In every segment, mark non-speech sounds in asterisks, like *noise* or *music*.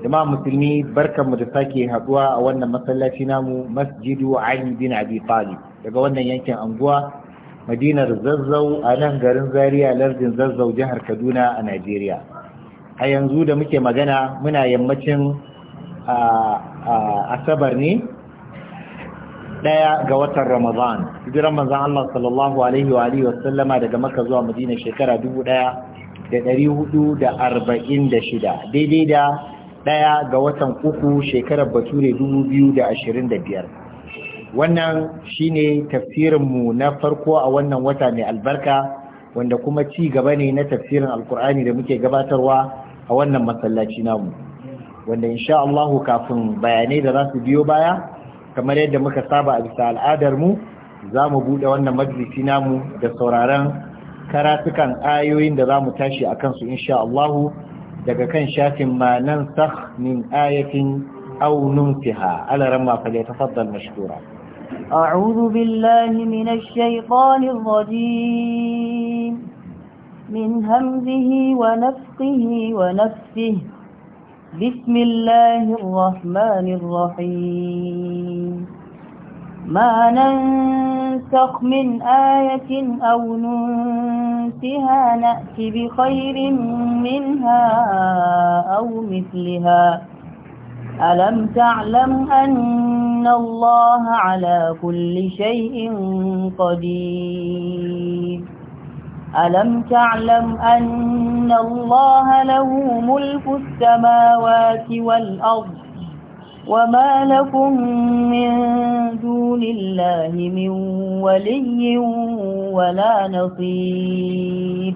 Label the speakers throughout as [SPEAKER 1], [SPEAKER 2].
[SPEAKER 1] jama'a musulmi mu da sake haduwa a wannan masallaci namu masjidu ali bin abi talib daga wannan yankin anguwa madinar zazzau a nan garin zaria lardin zazzau jihar kaduna a najeriya a yanzu da muke magana muna yammacin asabar ne daya ga watan ramadan hijiran manzon Allah sallallahu alaihi wa alihi daga maka zuwa madina shekara dubu ɗaya. da ɗari hudu da arba'in da shida daidai da ɗaya ga watan uku shekarar bature dubu biyu da ashirin da biyar wannan shine tafsirinmu na farko a wannan wata mai albarka wanda kuma ci gaba ne na tafsirin alkur'ani da muke gabatarwa a wannan masallaci namu wanda insha Allahu kafin bayanai da za su biyo baya kamar yadda muka saba a bisa al'adarmu za mu buɗe wannan majalisi namu da sauraron karatukan ayoyin da za mu tashi a kansu insha Allahu daga kan shafin ma nan sakh min ayatin aw nunfiha ala ramma falyatafaddal mashkura
[SPEAKER 2] a'udhu billahi minash shaitanir rajim min hamzihi wa nafthihi wa nafthihi bismillahir rahmanir rahim ma ننسخ من آية أو ننسها نأت بخير منها أو مثلها ألم تعلم أن الله على كل شيء قدير ألم تعلم أن الله له ملك السماوات والأرض وما لكم من دون الله من ولي ولا نصير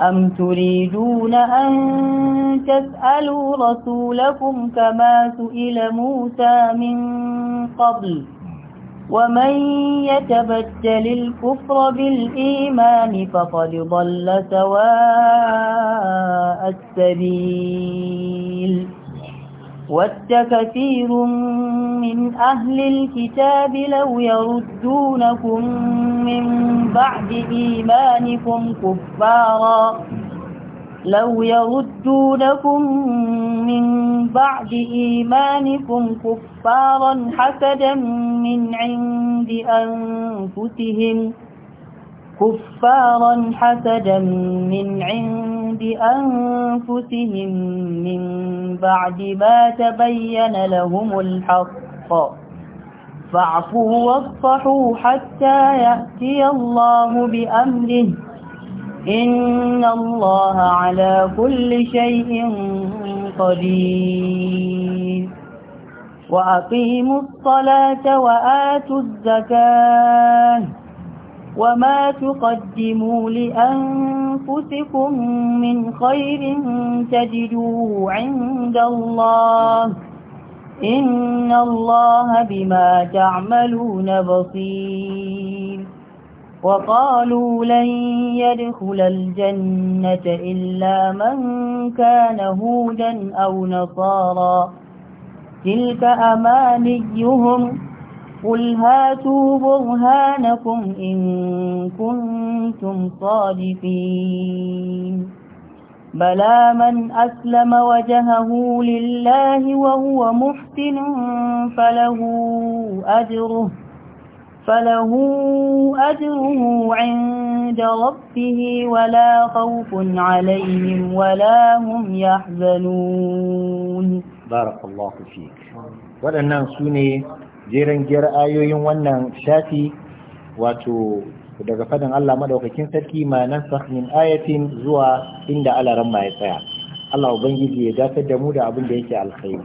[SPEAKER 2] أم تريدون أن تسألوا رسولكم كما سئل موسى من قبل ومن يتبتل الكفر بالإيمان فقد ضل سواء السبيل ود كثير من أهل الكتاب لو يردونكم من بعد إيمانكم كفارا لو يردونكم من بعد إيمانكم كفارا حسدا من عند أنفسهم كفارا حسدا من عند أنفسهم من بعد ما تبين لهم الحق فاعفوا واصفحوا حتى يأتي الله بأمره إن الله على كل شيء قدير وأقيموا الصلاة وآتوا الزكاة وما تقدموا لأنفسكم من خير تجدوه عند الله إن الله بما تعملون بصير وقالوا لن يدخل الجنة إلا من كان هودا أو نصارا تلك أمانيهم قل هاتوا برهانكم إن كنتم صادقين بلى من أسلم وجهه لله وهو محسن فله أجره فله أجره عند ربه ولا خوف عليهم ولا هم يحزنون
[SPEAKER 1] بارك الله فيك waɗannan su ne jeren giyar ayoyin wannan shafi wato daga fadin Allah madaukakin sarki ma nan min ayatin zuwa inda alaran ma ya tsaya Allah ubangiji ya dafar da mu da abin da yake alkhairi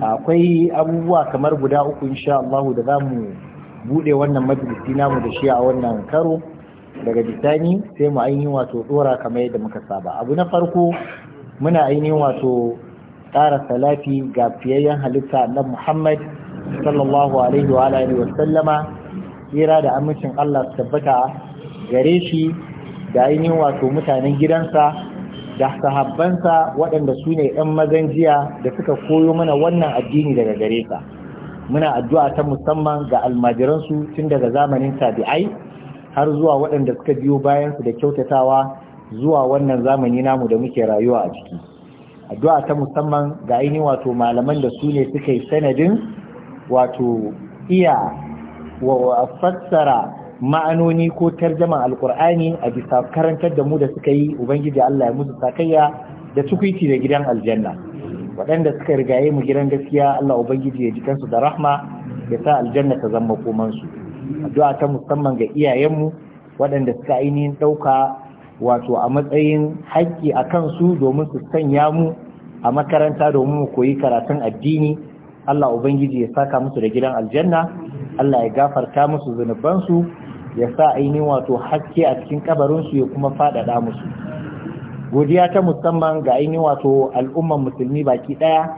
[SPEAKER 1] akwai abubuwa kamar guda uku insha Allah da mu buɗe wannan majalisi namu da shi a wannan karo daga bisani sai mu ainihin wato tsora kamar yadda muka saba abu na farko muna ainihin wato ƙara salati ga fiyayyen halitta na Muhammad sallallahu alaihi wa alihi wa sallama tsira da amincin Allah su tabbata gare shi da ainihin wato mutanen gidansa da sahabbansa waɗanda su ne ɗan mazan jiya da suka koyo mana wannan addini daga gare sa muna addu'a ta musamman ga almajiransu tun daga zamanin tabi'ai har zuwa waɗanda suka biyo bayansu da kyautatawa zuwa wannan zamani namu da muke rayuwa a ciki addu'a ta musamman ga ainihin wato malaman da su ne suka yi sanadin wato iya wa fassara ma'anoni ko tarjama alkur'ani a bisa karantar da mu da suka yi ubangiji Allah ya musu sakayya da tukuiti da gidan aljanna waɗanda suka rigaye mu gidan gaskiya Allah ubangiji ya ji kansu da rahma ya sa aljanna ta zama komansu addu'a ta musamman ga iyayenmu waɗanda suka ainihin ɗauka wato a matsayin haƙƙi a kansu domin su sanya mu a makaranta domin mu koyi karatun addini Allah ubangiji ya saka musu da gidan aljanna Allah ya gafarta musu zunubansu ya sa ainihin wato haske a cikin kabarinsu ya kuma faɗaɗa musu godiya ta musamman ga ainihin wato al'umman musulmi baki ɗaya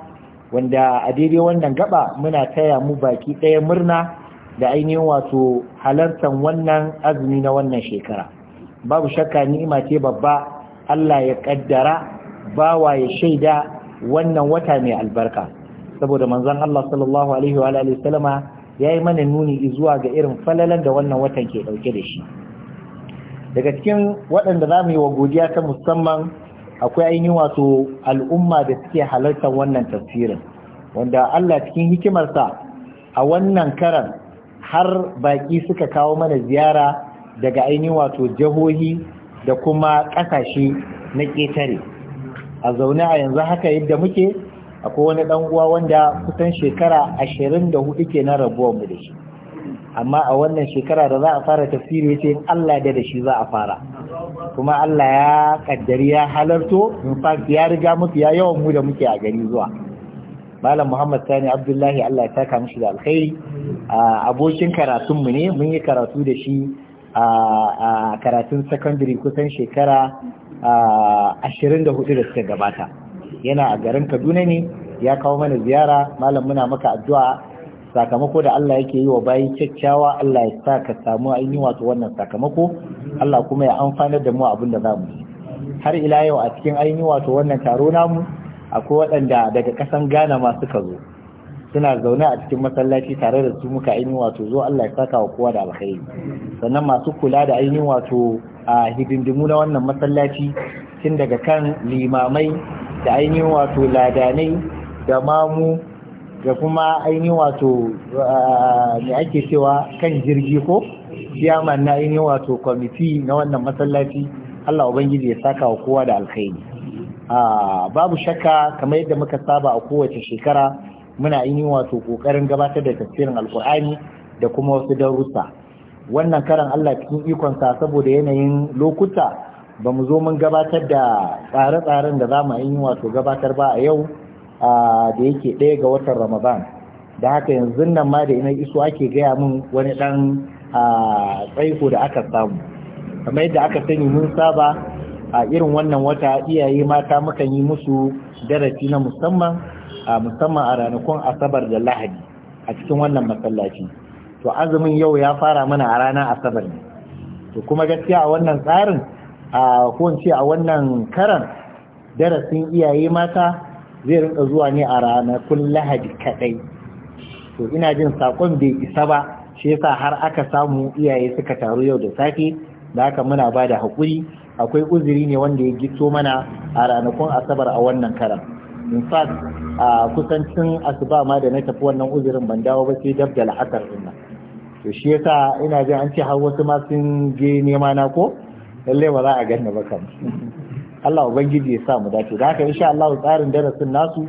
[SPEAKER 1] wanda a daidai wannan gaba muna taya mu baki ɗaya murna da ainihin wato halartar wannan azumi na wannan shekara babu shakka ni'ima ce babba Allah ya kaddara bawa ya shaida wannan wata mai albarka saboda manzon Allah sallallahu alaihi wa alihi sallama yayi mana nuni izuwa ga irin falalan da wannan watan ke dauke da shi daga cikin waɗanda zamu yi wa godiya ta musamman akwai ainihin wato al'umma da suke halartar wannan tafsirin wanda Allah cikin hikimarsa a wannan karan har baƙi suka kawo mana ziyara daga ainihin wato jihohi da kuma ƙasashe na ƙetare a zaune a yanzu haka yadda muke akwai wani dan uwa wanda kusan shekara ashirin da ke kenan rabuwar mu da shi amma a wannan shekara da za a fara tafsiri yace in Allah da da shi za a fara kuma Allah ya kaddari ya halarto in fact ya riga mu ya yawan mu da muke a gari zuwa malam Muhammad Sani Abdullahi Allah ya taka mishi da alkhairi abokin karatun mu ne mun yi karatu da shi a karatun secondary kusan shekara hudu da suka gabata yana a garin Kaduna ne ya kawo mana ziyara malam muna maka addu'a sakamako da Allah yake yi wa bayi kyakkyawa Allah ya sa ka samu an wato wannan sakamako Allah kuma ya amfanar da mu abin da za mu yi har ila yau a cikin ainihi wato wannan taro namu akwai waɗanda daga kasan Ghana ma suka zo suna zaune a cikin masallaci tare da su muka ainihin wato zo Allah ya saka wa kowa da alkhairi sannan masu kula da ainihin wato a hidindimu na wannan masallaci tun daga kan limamai da ainihin wato ladanai da mamu da kuma ainihin wato me ake cewa kan jirgi ko ciyaman na ainihin wato kwamiti na wannan masallaci Allah ubangiji ya saka wa kowa da alkhairi babu shakka kamar yadda muka saba a kowace shekara muna yi wato kokarin gabatar da tafsirin alkur'ani da kuma wasu darussa wannan karan Allah cikin sa saboda yanayin lokuta ba mu zo mun gabatar da tsare-tsaren da za mu yi wato gabatar ba a yau da yake ɗaya ga watan ramadan da haka yanzu nan ma da ina iso ake gaya min wani ɗan tsaiko da aka samu kamar yadda aka sani mun saba a irin wannan wata iyaye mata mukan yi musu darasi na musamman a musamman a ranakun asabar da lahadi a cikin wannan masallaci to azumin yau ya fara mana a ranar asabar ne to kuma gaskiya a wannan tsarin a kowace a wannan karan darasin iyaye mata zai rinka zuwa ne a ranakun lahadi kadai to ina jin sakon bai isa ba shi yasa har aka samu iyaye suka taru yau da safe da haka muna bada da haƙuri akwai uzuri ne wanda ya gito mana a ranakun asabar a wannan karan in fact a kusancin asuba ma da na tafi wannan uzurin ban dawo ba sai dab da la'akar din nan to shi yasa ina jin an ce har wasu ma sun je nema na ko lalle ba za a ganna ba kan Allah ubangiji ya sa mu dace da haka insha Allah tsarin darasin nasu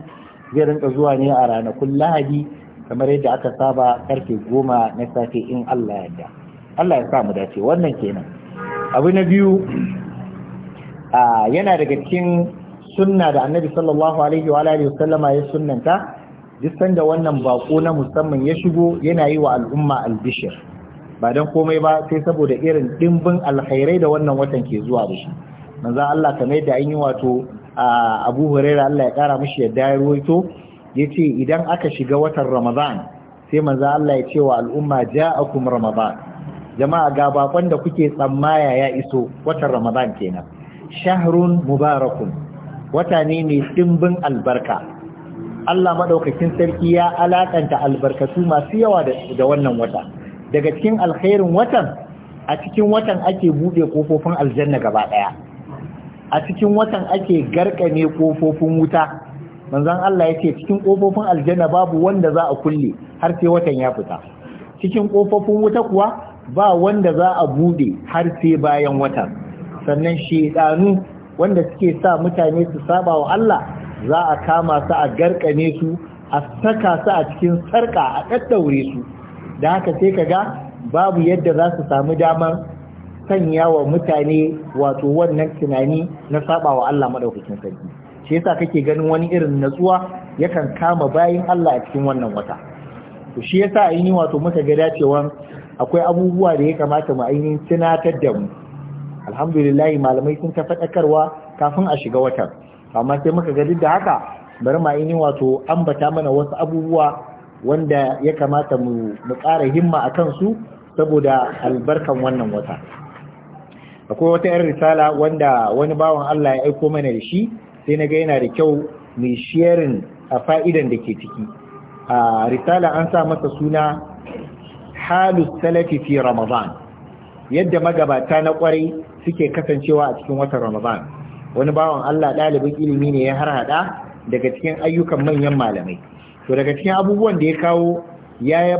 [SPEAKER 1] zai rinka zuwa ne a ranakun Lahadi kamar yadda aka saba karfe goma na safe in Allah ya yarda Allah ya sa mu dace wannan kenan abu na biyu yana daga cikin sunna da annabi sallallahu alaihi wa alihi wasallama ya sunnanta duk sanda wannan bako na musamman ya shigo yana yi wa al'umma albishir ba dan komai ba sai saboda irin dimbin alkhairai da wannan watan ke zuwa da shi manzo Allah kamar yadda an yi wato Abu Hurairah Allah ya kara mishi yadda ya ruwaito yace idan aka shiga watan Ramadan sai manzo Allah ya ce wa al'umma ja'akum Ramadan jama'a ga bakon da kuke tsammaya ya iso watan Ramadan kenan shahrun mubarakun wata ne mai dimbin albarka Allah maɗaukakin sarki ya alaƙanta albarkatu masu yawa da wannan wata daga cikin alkhairin watan a cikin watan ake buɗe kofofin aljanna gaba ɗaya. a cikin watan ake garkame kofofin wuta manzon Allah ya ce cikin kofofin aljanna babu wanda za a kulle har sai watan ya fita cikin ƙofofin wuta kuwa ba wanda za a buɗe har sai bayan watan sannan shedanu wanda suke sa mutane su saba wa Allah za a kama su a garkane su a saka su a cikin sarka a daddaure su da haka sai kaga babu yadda za su samu damar sanya wa mutane wato wannan tunani na saba wa Allah madaukakin sarki shi yasa kake ganin wani irin natsuwa yakan kama bayin Allah a cikin wannan wata to shi yasa ainihin wato muka ga dacewa akwai abubuwa da ya kamata mu ainihin tunatar da mu alhamdulillahi malamai sun ta faɗakarwa kafin a shiga watan amma sai muka ga duk da haka bari ma yi wato ambata mana wasu abubuwa wanda ya kamata mu ƙara himma a kansu saboda albarkan wannan wata akwai wata 'yar risala wanda wani bawan Allah ya aiko mana da shi sai na ga yana da kyau mai sharing a fa'idan da ke ciki a risala an sa masa suna halus salafi fi ramadan yadda magabata na kwarai suke kasancewa a cikin watan Ramadan wani bawan Allah ɗalibin ilimi ne ya harhaɗa daga cikin ayyukan manyan malamai to daga cikin abubuwan da ya kawo ya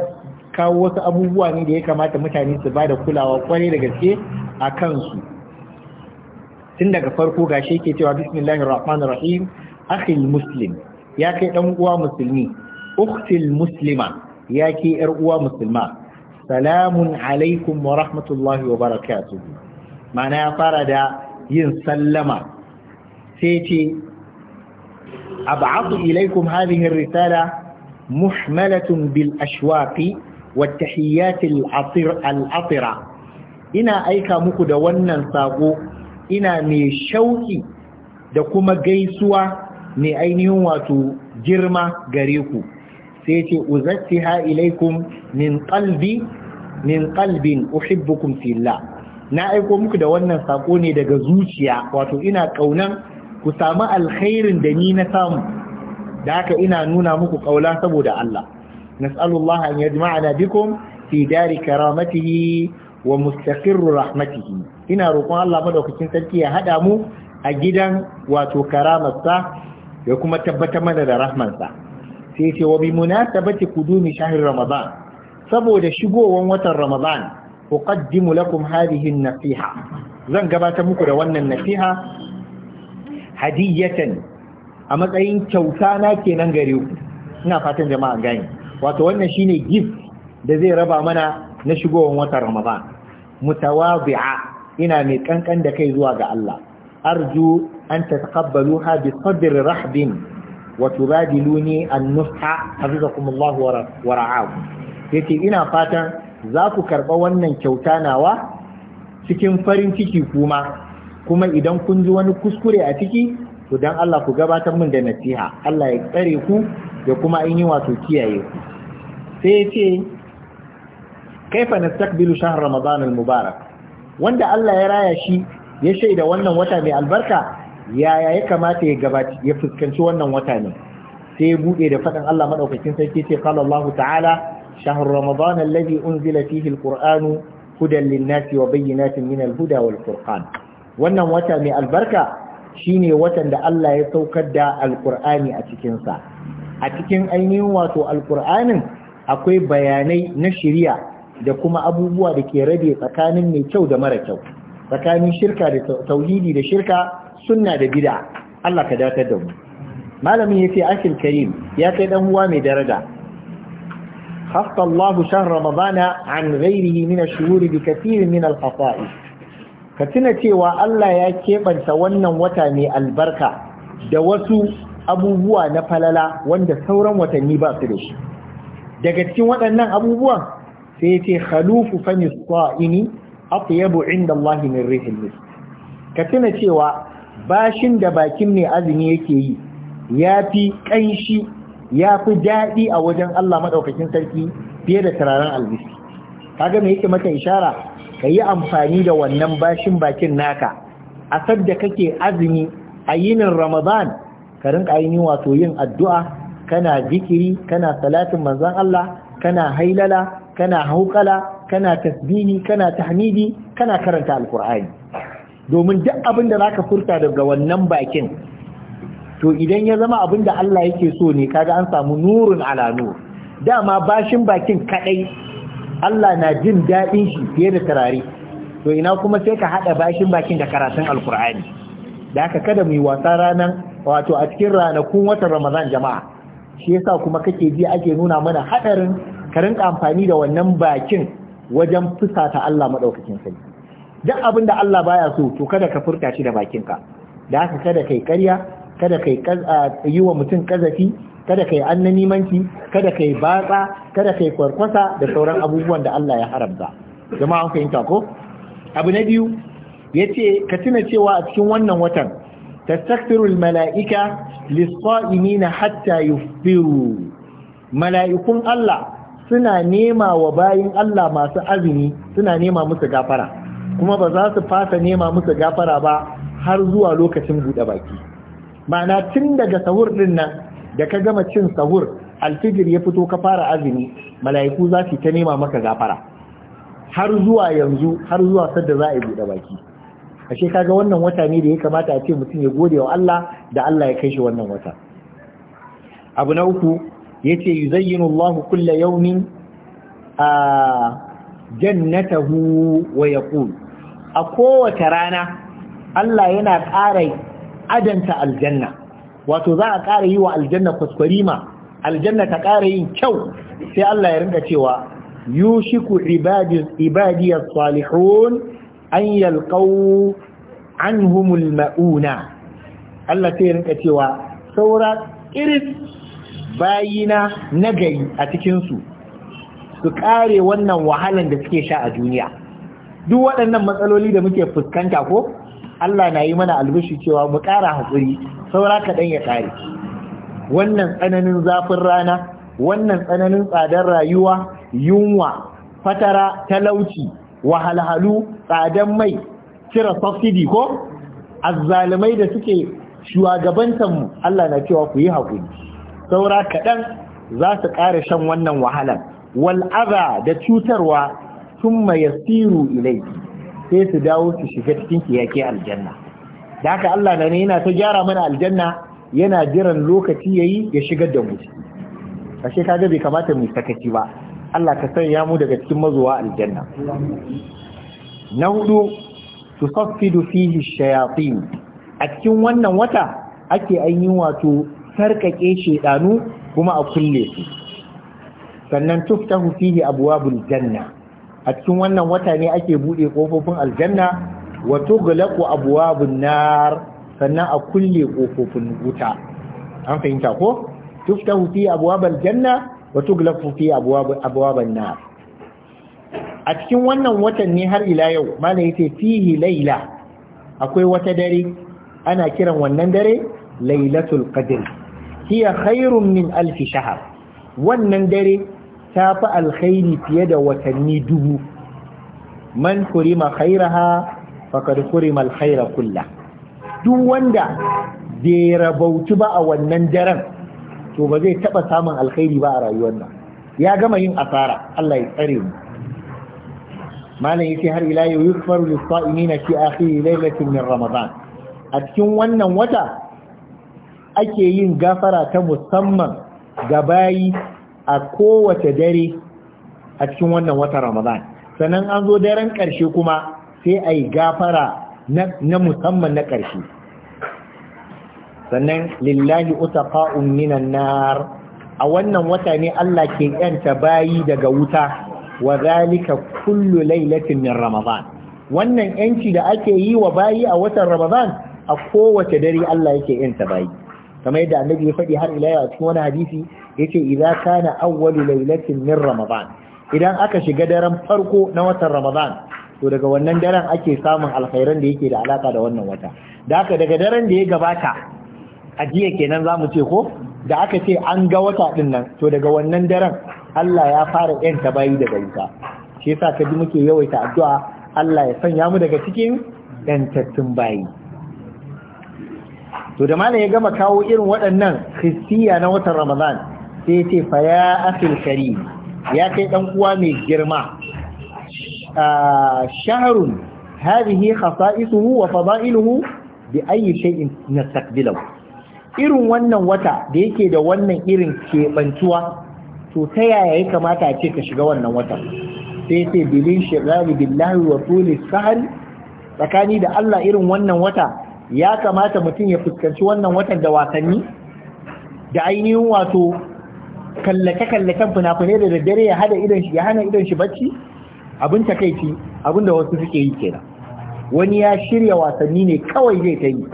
[SPEAKER 1] kawo wasu abubuwa ne da ya kamata mutane su ba da kulawa kwarai da gaske a kansu tun daga farko shi yake cewa bismillahir rahmanir rahim akhil muslim ya kai dan uwa musulmi ukhtil muslima ya ke yar uwa musulma salamun alaikum wa rahmatullahi wa barakatuhu Mana ya fara da yin sallama sai ce ab'adu ilaikum hadhihi risala muhmalatun bil ashwaqi wa tahiyyat al ina aika muku da wannan sako ina mai shauki da kuma gaisuwa mai ainihin wato girma gare ku sai ce ha ilaikum min ƙalbi min qalbin uhibbukum fillah na aiko muku da wannan sako ne daga zuciya wato ina kaunan ku samu alkhairin da ni na samu da haka ina nuna muku kaula saboda Allah nas'alullah an yajma'ana bikum fi dari karamatihi wa mustaqirru rahmatihi ina roƙon Allah madaukakin sarki ya hada mu a gidan wato karamarsa ya kuma tabbatar mana da rahmansa sai ce wa bi munasabati qudumi shahri ramadan saboda shigowan watan Ramadan uqaddimu lakum hadhihi an-nasiha zan gabatar muku da wannan nasiha hadiyatan a matsayin kyauta na kenan gare ku ina fatan jama'a gani wato wannan shine gift da zai raba mana na shigowan watan Ramadan mutawadhi'a ina mai kankan da kai zuwa ga Allah arju an tataqabbaluha bi qadri rahbin wa tubadiluni an-nusha hafizakumullahu wa ra'akum yace ina fatan za ku karɓa wannan kyauta nawa cikin farin ciki kuma kuma idan kun ji wani kuskure a ciki to dan Allah ku gabatar min da nasiha Allah ya tsare ku da kuma in yi wato kiyaye ku sai ya ce kaifa nastaqbilu shahr ramadan al-mubarak wanda Allah ya raya shi ya shaida wannan wata mai albarka yaya ya kamata ya gabaci ya fuskanci wannan wata ne sai ya bude da faɗin Allah madaukakin sarki ce qala Allah ta'ala شهر رمضان الذي أنزل فيه القرآن هدى للناس وبينات من الهدى والفرقان wannan wata mai albarka shine watan da Allah ya saukar da alkur'ani a cikinsa a cikin ainihin wato alkur'anin akwai bayanai na shiriya da kuma abubuwa da ke rabe tsakanin mai kyau da mara kyau tsakanin shirka da tauhidi da shirka sunna da bid'a Allah ka datar da mu malamin yace akil karim ya kai dan uwa mai daraja خص الله شهر رمضان عن غيره من الشهور بكثير من الخصائص كتنا تيوى الله يكيبا سوانا وتاني البركة دوسو abubuwa na falala wanda sauran watanni ba su da shi daga cikin waɗannan abubuwan sai ce khalufu fami sa'ini atyabu inda Allah min rihil misk ka tuna cewa bashin da bakin mai azumi yake yi ya fi ƙanshi ya fi daɗi a wajen Allah maɗaukakin sarki fiye da turaren albishi kaga me yake maka ishara ka yi amfani da wannan bashin bakin naka a da kake azumi a yinin ramadan ka rinka ainihin wato yin addu'a kana zikiri kana salatin manzon Allah kana hailala kana haukala kana tasbihi kana tahmidi kana karanta alkur'ani domin duk abin da zaka furta daga wannan bakin to idan ya zama abin da Allah yake so ne kaga an samu nurun ala nur dama bashin bakin kadai Allah na jin daɗin shi fiye da turare to ina kuma sai ka haɗa bashin bakin da karatun alkur'ani da ka kada mu yi wasa ranan wato a cikin ranakun watan ramadan jama'a shi yasa kuma kake ji ake nuna mana haɗarin ka rinka amfani da wannan bakin wajen fusata Allah madaukakin sai duk abin da Allah baya so to kada ka furta shi da bakinka da haka kada kai karya. kada kai yi wa mutum kazafi kada kai nimanci, kada kai batsa kada kai kwarkwasa da sauran abubuwan da Allah ya haramta jama'a an fahimta ko abu na biyu ya ce ka tuna cewa a cikin wannan watan tastakthirul mala'ika lis imina, hatta firu mala'ikun Allah suna nema wa bayin Allah masu azumi suna nema musu gafara kuma ba za su fasa nema musu gafara ba har zuwa lokacin buɗe baki ma'ana tun daga sahur din nan da ka gama cin sahur alfijir ya fito ka fara azumi mala'iku za su ta nema maka gafara har zuwa yanzu har zuwa sadda za a yi buɗe baki ashe kaga wannan wata ne da ya kamata a ce mutum ya gode wa Allah da Allah ya kai shi wannan wata abu na uku yace yuzayyinu Allah yau yawmin a jannatahu wa yaqul a kowace rana Allah yana ƙara adanta aljanna wato za a ƙara yi wa aljanna kwaskwarima aljanna ta ƙara yin kyau sai Allah ya rinka cewa yushiku ibadiyar salihun an an humul mauna Allah sai ya rinka cewa saura irin bayina nagai a cikinsu su su ƙare wannan wahalan da suke sha a duniya duk waɗannan matsaloli da muke fuskanta ko Allah na yi mana albishi cewa mu ƙara haƙuri saura kaɗan ya ƙare wannan tsananin zafin rana wannan tsananin tsadar rayuwa yunwa fatara talauci wahalhalu tsadan mai cire subsidy ko azzalumai da suke mu, Allah na cewa ku yi haƙuri saura kaɗan za su ƙara shan wannan wahalar wal'aza da cutarwa sun yasiru ilaiki sai su dawo su shiga cikin kiyake aljanna da haka Allah na ne yana ta gyara mana aljanna yana jiran lokaci yayi ya shigar da mu ashe kaga bai kamata mu sakaci ba Allah ka sanya mu daga cikin mazuwa aljanna na hudu tusaffidu fihi shayatin a cikin wannan wata ake ainihin wato sarkake shedanu kuma a kulle su sannan tuftahu fihi abwabul janna a cikin wannan wata ne ake buɗe ƙofofin aljanna wato galaku abuwa bunnar, sannan a kulle ƙofofin wuta an fahimta ko tuftahu fi abwabil janna wato galaku fi abuwa nar a cikin wannan watan ne har ila yau malai yace fihi laila akwai wata dare ana kiran wannan dare lailatul qadr hiya khairun min alf shahr wannan dare ta fi alkhairi fiye da watanni dubu man kurima khairaha faqad kurima alkhaira kullah duk wanda bai rabauci ba a wannan daren to ba zai taba samun alkhairi ba a rayuwar nan ya gama yin asara Allah ya tsare mu malam yace har ila yau yukfaru lis-sa'imina fi akhir lailatin min ramadan a cikin wannan wata ake yin gafara ta musamman ga bayi a kowace dare a cikin wannan wata ramadan sannan an zo daren ƙarshe kuma sai a yi gafara na musamman na ƙarshe sannan lillahi utaqa'un minan nar a wannan wata ne Allah ke yanta bayi daga wuta wa zalika kullu lailatin min ramadan wannan yanci da ake yi wa bayi a watan ramadan a kowace dare Allah yake yanta bayi kamar yadda annabi ya faɗi har ila yau a cikin wani hadisi ya yace idza kana awwalu lailatin min ramadan idan aka shiga daren farko na watan ramadan to daga wannan daren ake samun alkhairan da yake da alaka da wannan wata da haka daga daren da ya gabata a jiya kenan zamu ce ko da aka ce an ga wata din nan to daga wannan daren Allah ya fara yanta bayi daga wuta shi yasa ka ji muke yawaita addu'a Allah ya sanya mu daga cikin yantattun bayi to da malam ya gama kawo irin waɗannan kristiya na watan ramadan sai ya ce fa ya asil kari ya kai dan uwa mai girma shahrun hadhihi khasa'isuhu wa fada'iluhu bi ayyi shay'in nastaqbilu irin wannan wata da yake da wannan irin kebantuwa to ta yaya ya kamata a ce ka shiga wannan wata sai ce bilin shigali billahi wa tuli sahari tsakani da Allah irin wannan wata ya kamata mutum ya fuskanci wannan watan da wasanni da ainihin wato kallake kallaken fina-finai da daddare ya hada idan shi ya hana idan shi bacci abin takaici abin da wasu suke yi kenan wani ya shirya wasanni ne kawai zai ta yi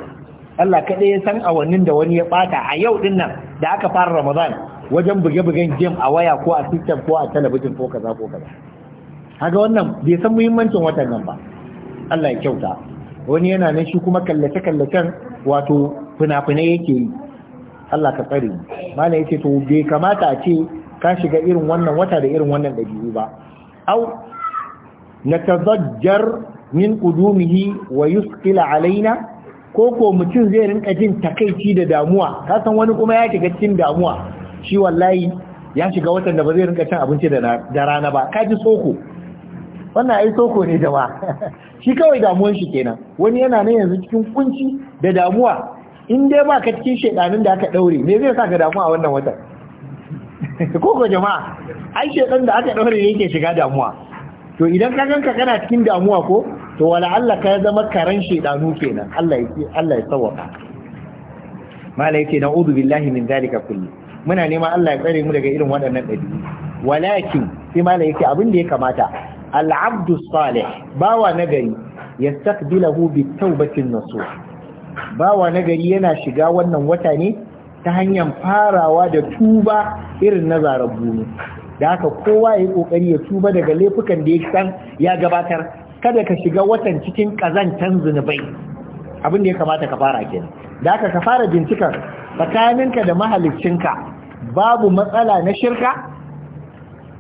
[SPEAKER 1] Allah kaɗai ya san awannin da wani ya ɓata a yau ɗin nan da aka fara Ramadan wajen buge-bugen jim a waya ko a system ko a talabijin ko kaza ko kaza. Haga wannan bai san muhimmancin watan nan ba. Allah ya kyauta. wani yana nan shi kuma kallace-kallacen wato fina-finai yake yi Allah ka tsare malam yace to bai kamata a ce ka shiga irin wannan wata da irin wannan dabi'u ba au natazajjar min qudumihi wa yusqila alaina ko ko mutum zai rinka jin takaici da damuwa ka san wani kuma ya shiga cikin damuwa shi wallahi ya shiga watan da ba zai rinka cin abinci da rana ba ka ji tsoko wannan ai soko ne ba *laughs* shi kawai damuwan shi kenan wani yana nan yanzu cikin kunci da damuwa in dai ba ka cikin shedanin da aka daure me zai sa ka damu a wannan watan koko *laughs* jama'a ai shedan da aka daure ne yake shiga damuwa to idan ka ganka kana cikin damuwa ko to wala Allah ka zama karan shedanu kenan Allah ya Allah ya sawaka mala yake udu billahi min zalika kulli muna neman Allah ya tsare mu daga irin waɗannan ɗabi'u walakin sai mala yake abin da ya kamata al'abdu salih bawa nagari ya yastaqbilahu bitawbatin naso bawa nagari yana shiga wannan wata ne ta hanyar farawa da tuba irin na zarar da haka kowa ya kokari ya tuba daga laifukan da ya san ya gabatar kada ka shiga watan cikin kazantan zunubai abin da ya kamata ka fara kenan da haka ka fara bincikar tsakaninka da mahaliccinka babu matsala na shirka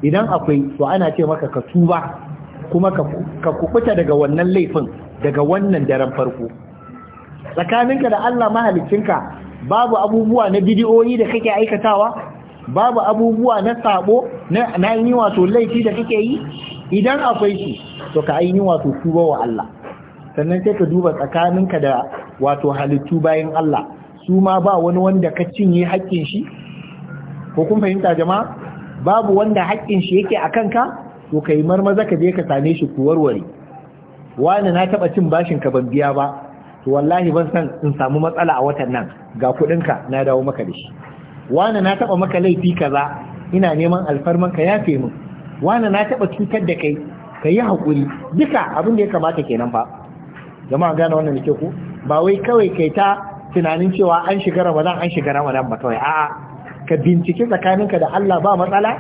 [SPEAKER 1] idan akwai to ana ce maka ka tuba kuma ka kubuta daga wannan laifin daga wannan daren farko tsakaninka da Allah mahalicinka babu abubuwa na bidiyoyi da kake aikatawa babu abubuwa na sabo na yi wato laifi da kake yi idan akwai shi to ka ainihin wato tuba wa Allah sannan sai ka duba tsakaninka da wato halittu bayan Allah su ma ba wani wanda ka cinye haƙƙin shi ko kun fahimta jama'a babu wanda haƙƙin shi yake a kanka to kai marmaza ka je ka same shi ku warware wani na taɓa cin bashin ka ban biya ba to wallahi ban san in samu matsala a watan nan ga kuɗinka na dawo maka da shi wani na taɓa maka laifi kaza ina neman alfarman ka yafe min wani na taɓa cutar da kai ka yi haƙuri duka abin da ya kamata kenan fa jama'a gane wannan da ke ku ba wai kawai kai ta tunanin cewa an shiga ramadan an shiga ramadan ba kawai a'a ka bincike tsakaninka da Allah ba matsala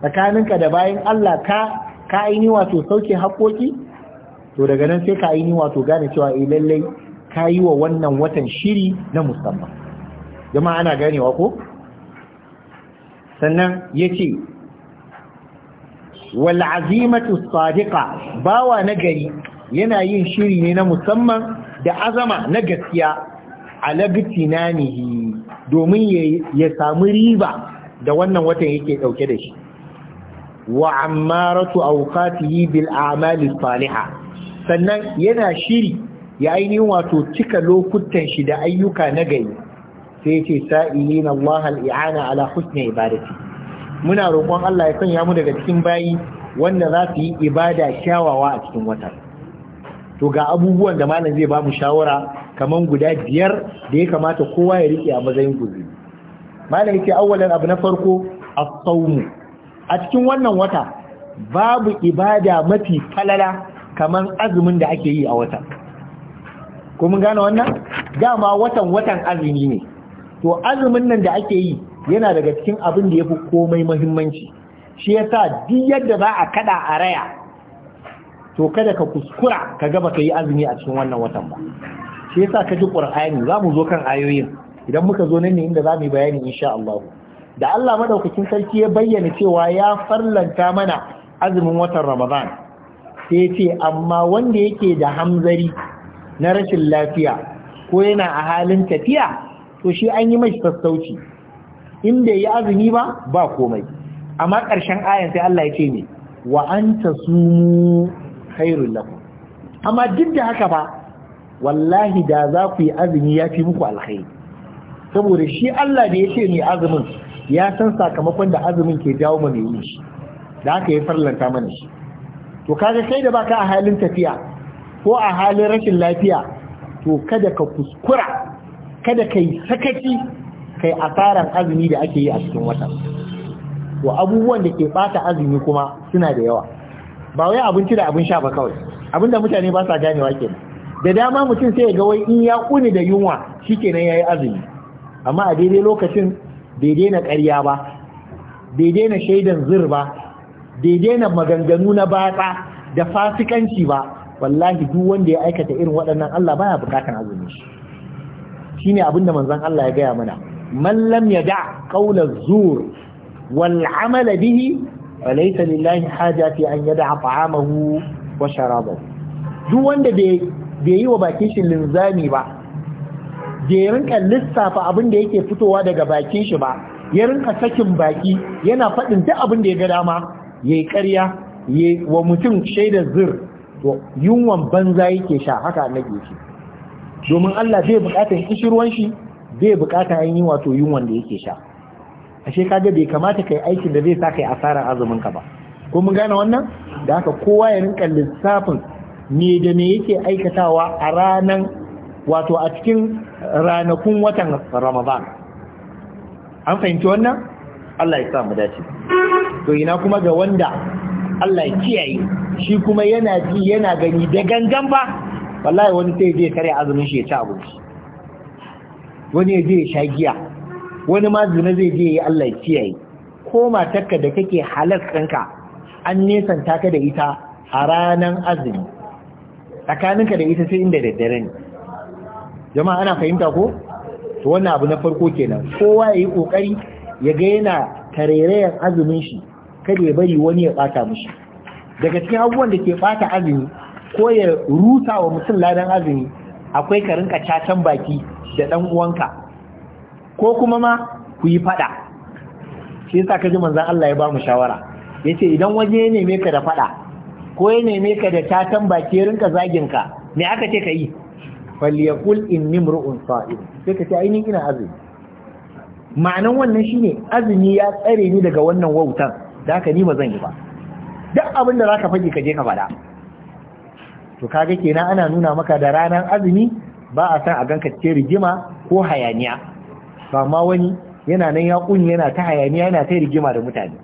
[SPEAKER 1] tsakaninka da bayan Allah ka ka aini wato sauke haƙoƙi to daga nan sai ka aini wato gane cewa eh lallai ka yi wa wannan watan shiri na musamman jama'a ana ganewa ko sannan yace wal azimatu sadiqa bawa nagari yana yin shiri ne na musamman da azama na gaskiya ala domin ya samu riba da wannan watan yake dauke da shi wa ammaratu awqatihi bil a'mali salihah sannan yana shiri ya ainihin wato cika lokutan shi da ayyuka na gari sai ce sa'ilina Allah al-i'ana ala husni ibadati muna roƙon Allah ya sanya mu daga cikin bayi wanda za su yi ibada kyawawa a cikin watan to ga abubuwan da malam zai ba mu shawara kaman guda biyar da ya kamata kowa ya rike a matsayin guzuri malam yace awwalan abu na farko as-sawm a cikin wannan wata babu ibada mafi falala kaman azumin da ake yi a wata ko mun gane wannan dama watan watan azumi ne to azumin nan da ake yi yana daga cikin abin da yafi komai muhimmanci shi yasa duk yadda za a kada a raya to kada ka kuskura ka gaba ka yi azumi a cikin wannan watan ba shi yasa ka ji qur'ani za mu zo kan ayoyin idan muka zo nan ne inda za mu yi bayani insha Allah da Allah madaukakin sarki ya bayyana cewa ya farlanta mana azumin watan Ramadan sai ya ce amma wanda yake da hamzari na rashin lafiya ko yana a halin tafiya to shi an yi mai sassauci in bai yi azumi ba ba komai amma ƙarshen ayan sai Allah ya ce ne wa anta sumu khairul lakum amma duk da haka ba wallahi da za ku yi azumi ya fi muku alkhairi saboda shi Allah da ya ce mai azumin ya san sakamakon da azumin ke jawo ma mai shi da aka yi farlanta mana shi to kaga kai da baka a halin tafiya ko a halin rashin lafiya to kada ka kuskura kada kai sakaci kai asaran azumi da ake yi a cikin wata to abubuwan da ke bata azumi kuma suna da yawa ba wai abinci da abin sha ba kawai abinda mutane ba sa ganewa kenan da dama mutum sai ya ga wai in ya kuni da yunwa ya yi azumi amma a daidai lokacin bai daina ƙarya ba bai daina shaidan zur ba bai daina maganganu na batsa da fasikanci ba wallahi duk wanda ya aikata irin waɗannan Allah baya bukatan azumi shine abinda manzon Allah ya gaya mana man lam yada qawla zur wal amal bihi falaysa lillahi hajati an yada ta'amahu wa sharabahu duk wanda bai bai yi wa bakin shi linzami ba bai rinka lissafa abin da yake fitowa daga bakin shi ba ya rinka sakin baki yana faɗin duk abin da ya ga dama yayi ƙarya yayi wa mutum shaida zir to yunwan banza yake sha haka nake shi domin Allah zai buƙatar kishirwan shi zai buƙata an yi wato yunwan da yake sha ashe kaga bai kamata kai aikin da zai sa kai asarar azumin ka ba ko mun gane wannan da haka kowa ya rinka lissafin me da me yake aikatawa a ranan wato a cikin ranakun watan ramadan an fahimci wannan Allah ya samu dace to ina kuma ga wanda Allah ya kiyaye shi kuma yana ji yana gani da gangan ba wallahi wani sai je kare azumin shi ya ci abinci wani ya je ya sha giya wani ma zina zai je ya Allah ya kiyaye ko matarka da kake halakkanka an nesanta ka da ita a ranan azumi tsakaninka da ita sai inda daddare ne jama'a ana fahimta ko to wannan abu na farko kenan kowa yayi yi kokari ya ga yana tarairayan azumin shi kada ya bari wani ya bata mishi daga cikin abubuwan da ke bata azumi ko ya rusa wa mutum ladan azumi akwai ka rinka cacan baki da dan uwanka ko kuma ma ku yi fada shi yasa kaji manzon Allah ya ba mu shawara yace idan waje ne neme ka da fada ko ya neme ka da tatan baki rinka zagin ka me aka ce ka yi falyakul inni mru'un sa'im sai ka ce ai ina azumi ma'anan wannan shine azumi ya tsare ni daga wannan wautan da haka ni ba zan yi ba duk abin da zaka faɗi ka je ka faɗa to kaga kenan ana nuna maka da ranar azumi ba a san a ganka ce rigima ko hayaniya ba ma wani yana nan ya kunni yana ta hayaniya yana ta rigima da mutane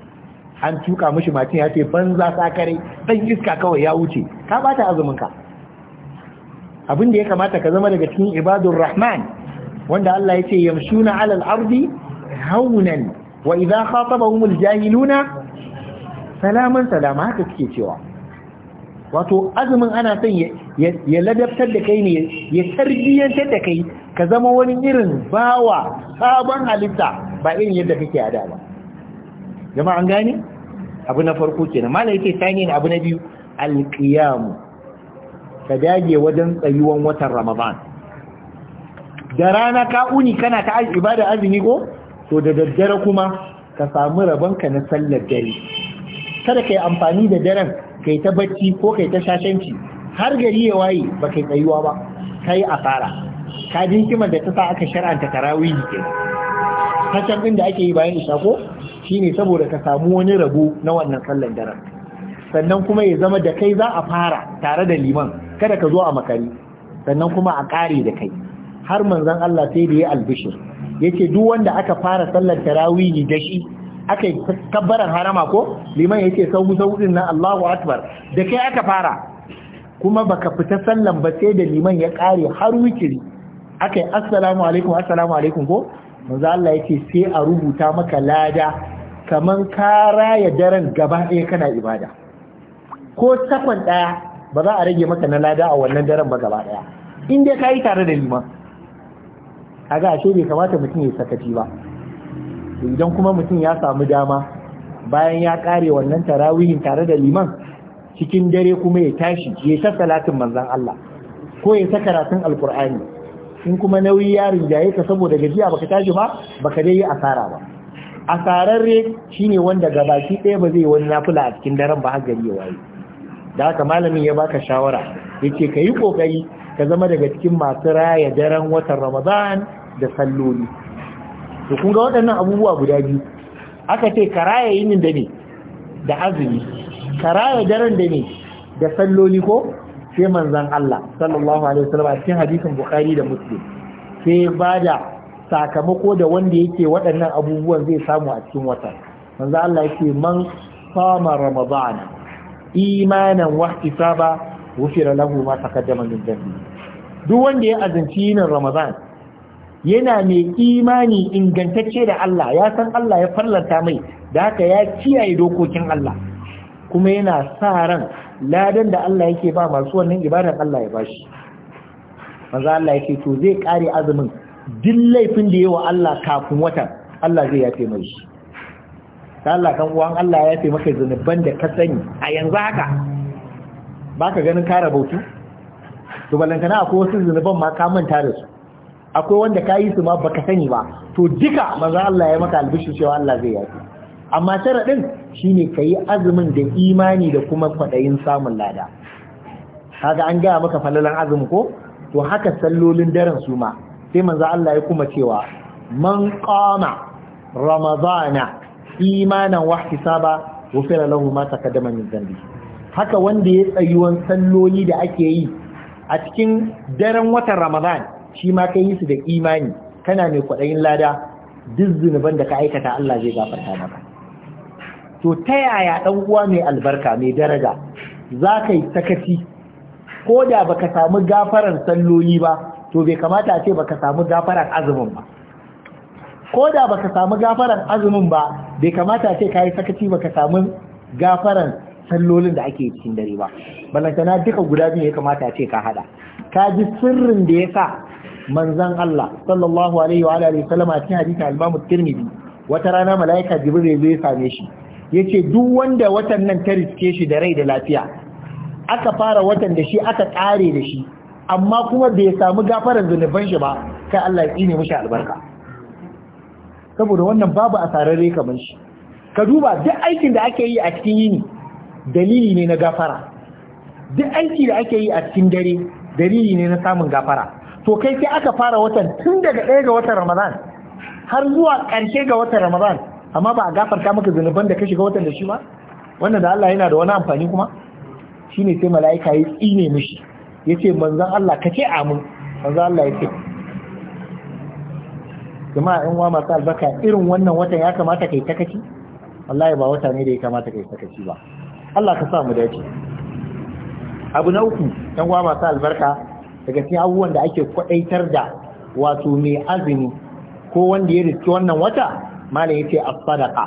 [SPEAKER 1] an tuka mashi matin ya ce banza sakare dan iska kawai ya wuce ka bata azumin ka abin da ya kamata ka zama daga cikin ibadur rahman wanda Allah ya ce yamshuna alal ardi haunan wa idza khatabahumul jahiluna salaman salama haka suke cewa wato azumin ana son ya ladabtar da kai ne ya tarbiyyantar da kai ka zama wani irin bawa sabon halitta ba irin yadda kake a da ba jama'a an gane abu na farko kenan malai yake ne abu na biyu alqiyam ka dage wajen tsayuwan watan ramadan da rana ka uni kana ta ibada azumi ko to da daddare kuma ka samu ka na sallar dare kada kai amfani da daren kai ta bacci ko kai ta shashanci har gari ya waye ba kai tsayuwa ba kai asara ka jinkimar da ta sa aka shar'anta tarawih ke ta can da ake yi bayan isa ko Shi ne saboda ka samu wani rabo na wannan sallar daren sannan kuma ya zama da kai za a fara tare da liman kada ka zo a makari sannan kuma a ƙare da kai har manzan Allah sai da ya albishir yace duk wanda aka fara sallar ne da shi aka yi kabbaran harama ko liman ya ce sau na Allahu akbar da kai aka fara kuma baka fita sallan ba sai da liman ya kare har wikiri aka yi assalamu alaikum assalamu alaikum ko manzo Allah yace sai a rubuta maka lada kamar ka raya daren gaba ɗaya kana ibada ko sakon ɗaya ba za a rage maka na lada a wannan daren ba gaba ɗaya in dai ka yi tare da liman ga ashe bai kamata mutum ya sakaci ba idan kuma mutum ya samu dama bayan ya kare wannan tarawihin tare da liman cikin dare kuma ya tashi ya ta salatin manzan Allah ko ya ta karatun alkur'ani in kuma nauyi ya rinjaye ka saboda gajiya baka tashi ba baka dai yi asara ba A shi ne wanda gabaki ɗaya ba zai wani nafula a cikin daren ba har gari ya waye da haka malamin ya baka shawara Ya ce ka yi kokari ka zama daga cikin masu raya daren watan ramadan da salloli to kun ga waɗannan abubuwa guda biyu aka ce ka raya yinin da ne da azumi ka raya daren da ne da salloli ko sai manzon Allah sallallahu alaihi wasallam a cikin hadisin Bukhari da Muslim sai bada sakamako da wanda yake waɗannan abubuwan zai samu a cikin watan manzo Allah yake man sama ramadan imanan wa ihtisaba ghufira lahu ma taqaddama min dhanbi duk wanda ya azanci yin ramadan yana mai imani ingantacce da Allah ya san Allah ya fallanta mai da haka ya kiyaye dokokin Allah kuma yana sa ran ladan da Allah yake ba masu wannan ibadan Allah ya bashi manzo Allah yake to zai kare azumin duk laifin da yawa Allah kafin watan Allah zai yafe mai shi ta Allah kan uwan Allah ya yafe maka zunuban da ka sani a yanzu haka ba ganin ka rabautu to ballantana akwai wasu zunuban ma ka manta da su akwai wanda ka yi su ma baka sani ba to duka manzon Allah ya maka albishi cewa Allah zai yafe amma din shine ka azumin da imani da kuma kwaɗayin samun lada kaga an gaya maka falalan azumi ko to haka sallolin daren su ma sai manzo Allah ya kuma cewa man qama ramadana imanan hisaba ghufira lahu ma taqaddama min dhanbi haka wanda ya tsayuwan salloli da ake yi a cikin daren watan ramadan shi ma kai yi su da imani kana mai kwaɗayin lada duk zunuban da ka aikata Allah zai gafarta maka to ta yaya ɗan uwa mai albarka mai daraja za ka yi sakaci ko da baka samu gafaran salloli ba to bai kamata ce baka samu gafaran azumin ba ko da baka samu gafaran azumin ba bai kamata a ce kai sakaci baka samu gafaran sallolin da ake cikin dare ba balantana duka guda biyu ya kamata ce ka hada ka ji sirrin da ya sa manzon Allah sallallahu alaihi wa alihi sallama cikin hadisi al-Imam Tirmidhi wata rana malaika Jibril zai same shi yace duk wanda watan nan ta riske shi da rai da lafiya aka fara watan da shi aka kare da shi amma kuma bai samu gafarar zunuban shi ba kai Allah ya tsine mishi albarka saboda wannan babu asararre kamar shi ka duba duk aikin da ake yi a cikin yini dalili ne na gafara duk aiki da ake yi a cikin dare dalili ne na samun gafara to kai sai aka fara watan tun daga ɗaya ga watan ramadan har zuwa ƙarshe ga watan ramadan amma ba a gafarta maka zunuban da ka shiga watan da shi ba wannan da Allah yana da wani amfani kuma shine sai mala'ika ya tsine mishi Ya ce manzan Allah ka ce amin manzan Allah ce kuma in wa masu albarka irin wannan watan ya kamata ka yi takaci wallahi ba wata ne da ya kamata ka yi takaci ba Allah ka sa mu dace abu na uku ɗan uwa masu albarka daga cikin abubuwan da ake kwaɗaitar da wato mai azumi ko wanda ya riski wannan wata malam ce a sadaka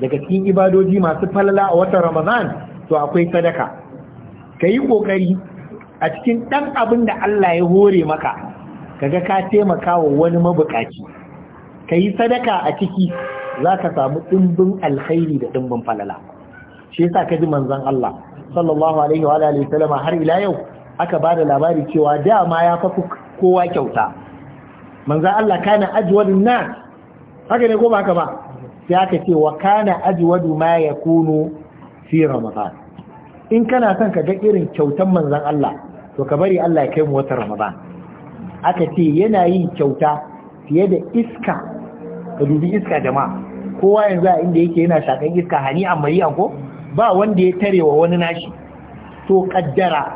[SPEAKER 1] daga cikin ibadoji masu falala a watan Ramadan to akwai sadaka Ka yi kokari a cikin ɗan abin da Allah ya hore maka kaga ka taimaka wa wani mabukaci ka yi sadaka a ciki za ka samu ɗimbin alkhairi da ɗimbin falala shi yasa ka ji manzon Allah sallallahu alaihi wa sallama har ila yau aka ba da labari cewa dama ya fafi kowa kyauta manzon Allah kana ajwadun nas haka ne ko ba haka ba sai aka ce wa kana ajiwadu ma ya yakunu fi ramadan in kana son ka ga irin kyautan manzon Allah to ka bari Allah ya kai mu wata Ramadan aka ce yana yin kyauta fiye da iska ka dubi iska jama'a kowa yanzu a inda yake yana shakan iska hani amma yi ko ba wanda ya tare wa wani nashi to kaddara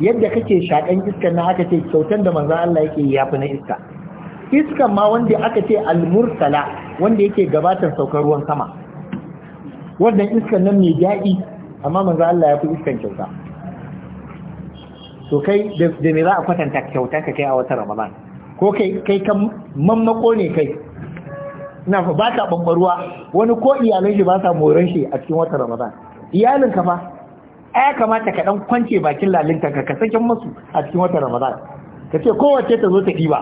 [SPEAKER 1] yadda kake shakan iskan nan aka ce kyautan da manzon Allah yake yafi na iska Iska ma wanda aka ce al-mursala wanda yake gabatar saukar ruwan sama wannan iskan nan mai daɗi amma manzo Allah ya fi iskan kyauta to kai da me za a kwatanta kyauta ka kai a wata ramadan ko kai kai kan mammako ne kai na ba ta bambaruwa wani ko iyalan shi ba sa moran shi a cikin wata ramadan iyalin ka ba ai kamata ka dan kwance bakin lalinta ka ka sakin musu a cikin wata ramadan ka ce kowace ta zo ta diba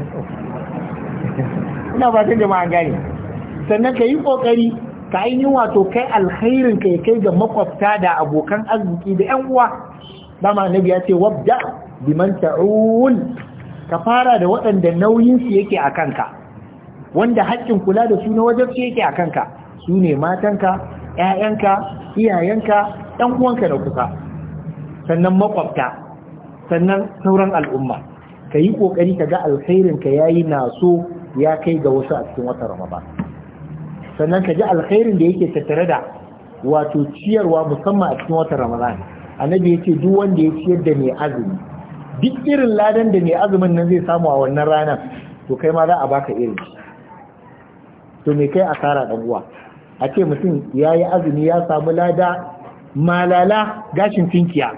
[SPEAKER 2] *laughs*
[SPEAKER 1] ina fatan jama'a gane sannan ka yi kokari ka ainihin wato kai alkhairin kai kai ga makwabta da abokan arziki da yan uwa dama nabi ya ce wabda biman ta'ul ka fara da waɗanda nauyin su yake a kanka wanda haƙƙin kula da su na wajen su yake a kanka su ne matanka ƴaƴanka iyayenka ɗan uwanka da kusa sannan makwabta sannan sauran al'umma ka yi ƙoƙari ka ga alkhairin ka yayi naso ya kai ga wasu a cikin wata ramaba sannan ka ji alkhairin da yake tattare da wato ciyarwa musamman a cikin wata ramadan annabi ya ce duk wanda ya ciyar da mai azumi duk irin ladan da mai azumin nan zai samu a wannan ranar to kai ma za a baka irin to me kai asara dan uwa a ce mutum ya yi azumi ya samu lada malala gashin tinkiya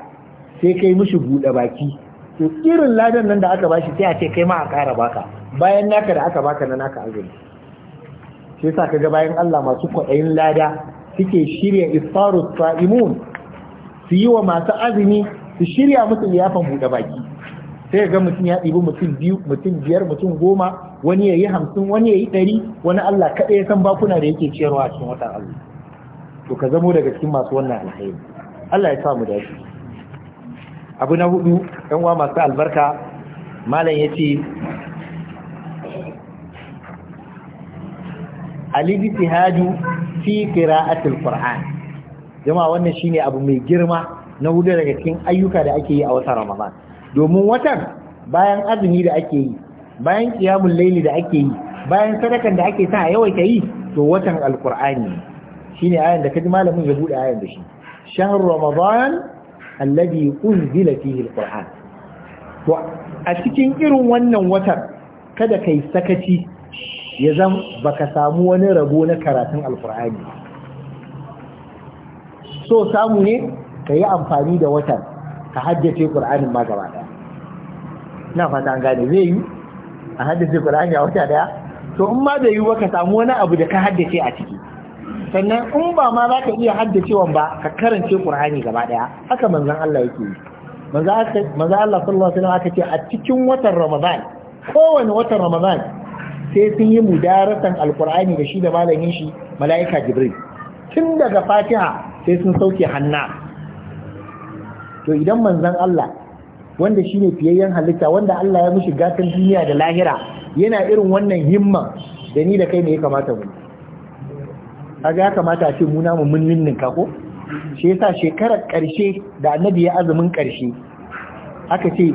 [SPEAKER 1] sai kai mishi buɗe baki to irin ladan nan da aka bashi sai a ce kai ma a kara baka bayan naka da aka baka na naka azumi sai sa kaga bayan Allah masu kwaɗayin lada suke shirya iftarus sa'imun su yi wa masu azumi su shirya musu liyafan buɗe baki sai ga mutum ya ɗibi mutum biyu mutum biyar mutum goma wani ya yi hamsin wani ya yi ɗari wani Allah kaɗai ya san bakuna da yake ciyarwa a cikin watan Allah to ka zamo daga cikin masu wannan alheri Allah ya samu dace abu na hudu ɗan uwa masu albarka malam ya ce al tihadu fi qira'atil qur'an jama'a wannan shine abu mai girma na hudu daga cikin ayyuka da ake yi a watan ramadan domin watan bayan azumi da ake yi bayan qiyamul laili da ake yi bayan sadakan da ake sa a yawaita yi to watan alqur'ani shine ayan da kaji malamin ya bude ayan da shi shahr ramadan alladhi unzila fihi alqur'an to a cikin irin wannan watan kada kai sakaci ya zan baka samu wani rabo na karatun alqur'ani so samu ne ka yi amfani da watan ka haddace ƙur'anin ma gaba ɗaya na fata an gane zai yi a haddace ƙur'ani a wata ɗaya to in ma bai yi wa ka samu wani abu da ka haddace a ciki sannan in ba ma za ka iya haddacewan ba ka karance ƙur'ani gaba ɗaya haka zan Allah yake yi manzon Allah sallallahu alaihi wasallam aka ce a cikin watan Ramadan kowane watan Ramadan sai sun yi mudaratan alƙur'ani da shi da malamin shi mala'ika Jibril tun daga Fatiha sai sun sauke hanna to idan manzon Allah wanda shine fiyayyen halitta wanda Allah ya mishi gatan duniya da lahira yana irin wannan himma da ni da kai ne ya kamata mu kaga ya kamata a ce mu namu mun ninninka ko shi yasa shekarar karshe da annabi ya azumin karshe aka ce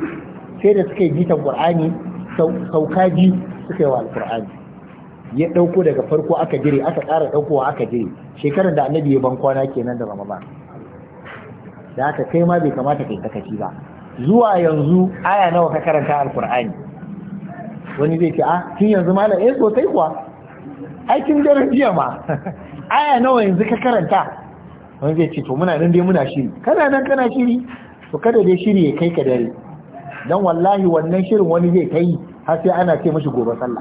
[SPEAKER 1] sai da suka yi bitan qur'ani sauka ji suka yi wa alqur'ani ya ɗauko daga farko aka jire aka ƙara ɗaukowa aka jire shekarar da annabi ya ban kwana kenan da ramadan da aka kai ma bai kamata kai takaci ba zuwa yanzu aya nawa ka karanta alkur'ani wani zai ce a ah, tun yanzu malam eh sosai kuwa aikin daren jiya ma *laughs* aya nawa yanzu ka karanta wani zai ce to muna nan dai muna shiri kana nan kana shiri to kada dai shiri ya kai ka dare dan wallahi wannan shirin wani zai kai har sai ana ce mashi gobe sallah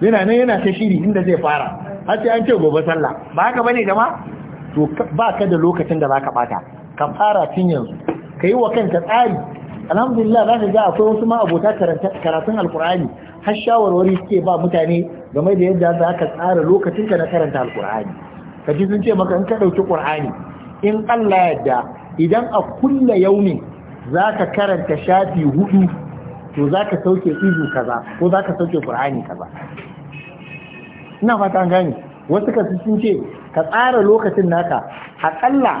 [SPEAKER 1] yana nan yana ta shiri inda zai fara har sai an ce gobe sallah ba haka bane jama'a to ba ka da lokacin da zaka bata ka fara tun yanzu kai wa kanka tsari alhamdulillah zaka ga akwai wasu ma abota karatun alqur'ani har shawarwari suke ba mutane game da yadda za ka tsara lokacin ka na karanta alqur'ani ka ji sun ce maka in ka dauki qur'ani in Allah ya yarda idan a kulla yaumin zaka karanta shafi hudu to za ka sauke izu kaza ko za ka sauke qur'ani kaza ina fata an gane wasu kasu sun ce ka tsara lokacin naka aƙalla